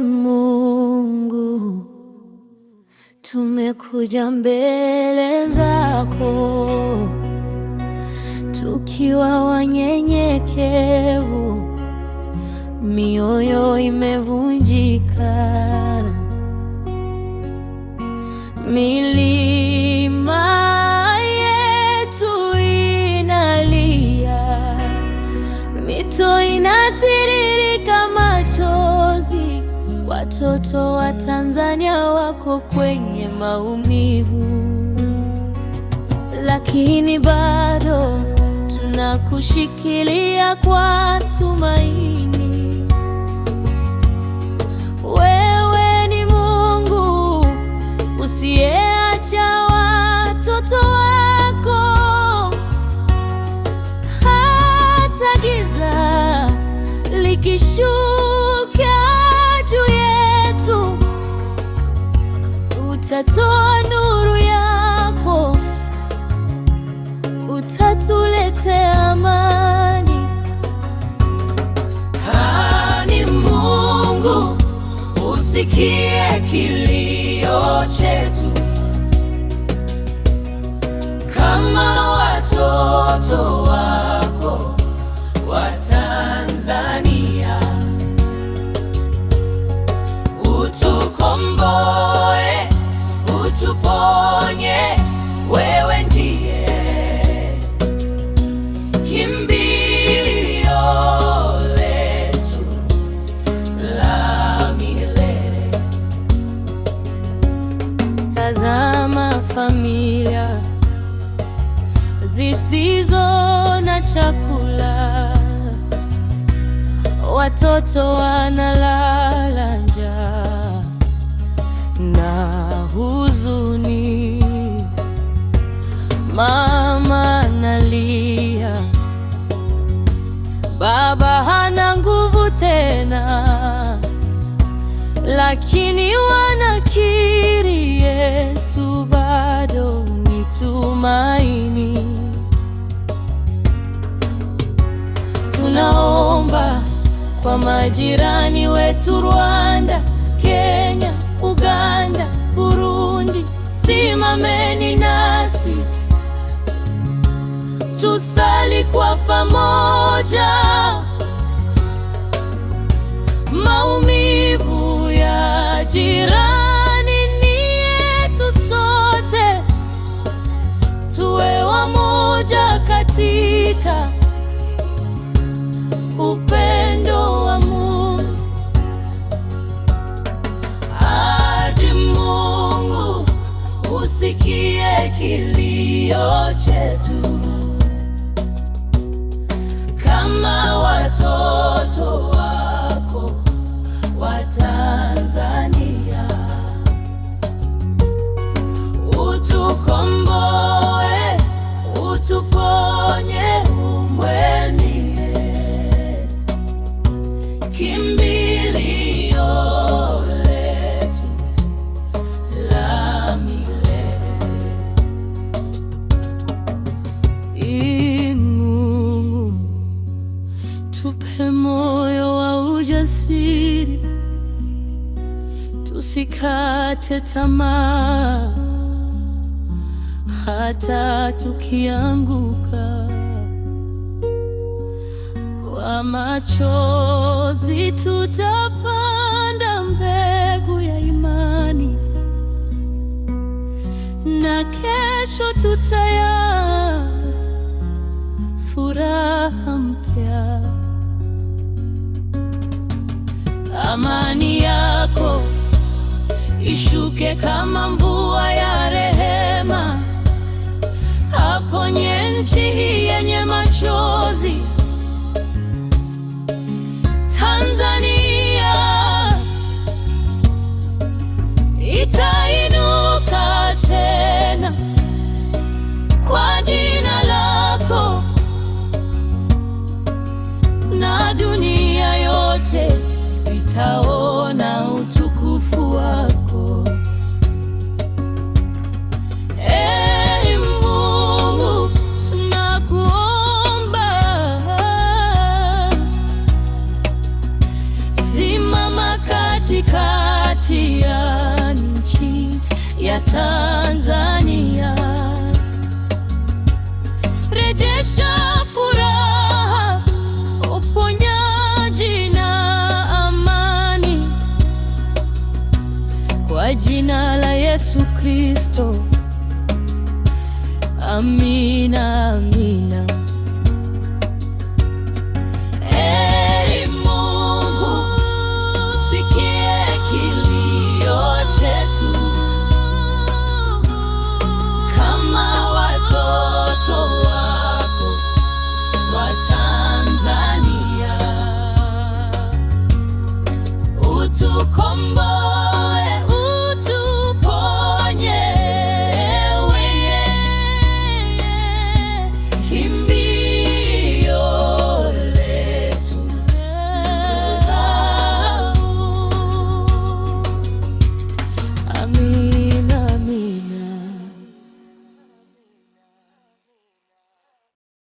Mungu, tumekuja mbele zako tukiwa wanyenyekevu, mioyo imevunjika, milima yetu inalia mito Watoto wa Tanzania wako kwenye maumivu, lakini bado tunakushikilia kwa tumaini. Wewe ni Mungu usiyeacha watoto wako, hata giza likishuka utatoa nuru yako, utatuletea amani. hani Mungu, usikie kilio chetu kama watoto watoto wanalala njaa na huzuni, mama nalia, baba hana nguvu tena, lakini wana Rwanda, Kenya, Uganda, Burundi, simameni nasi tusali kwa pamoja. Maumivu ya jirani ni yetu sote, tuwe wamoja katika usikie kilio chetu kama watoto wako wa Tanzania, utukomboe, utuponye, umwenie tusikate tamaa hata tukianguka kwa machozi tutapanda mbegu ya imani na kesho tutaya amani yako ishuke kama mvua. katikati ya nchi ya Tanzania. Rejesha furaha, uponyaji na amani kwa jina la Yesu Kristo. Amina.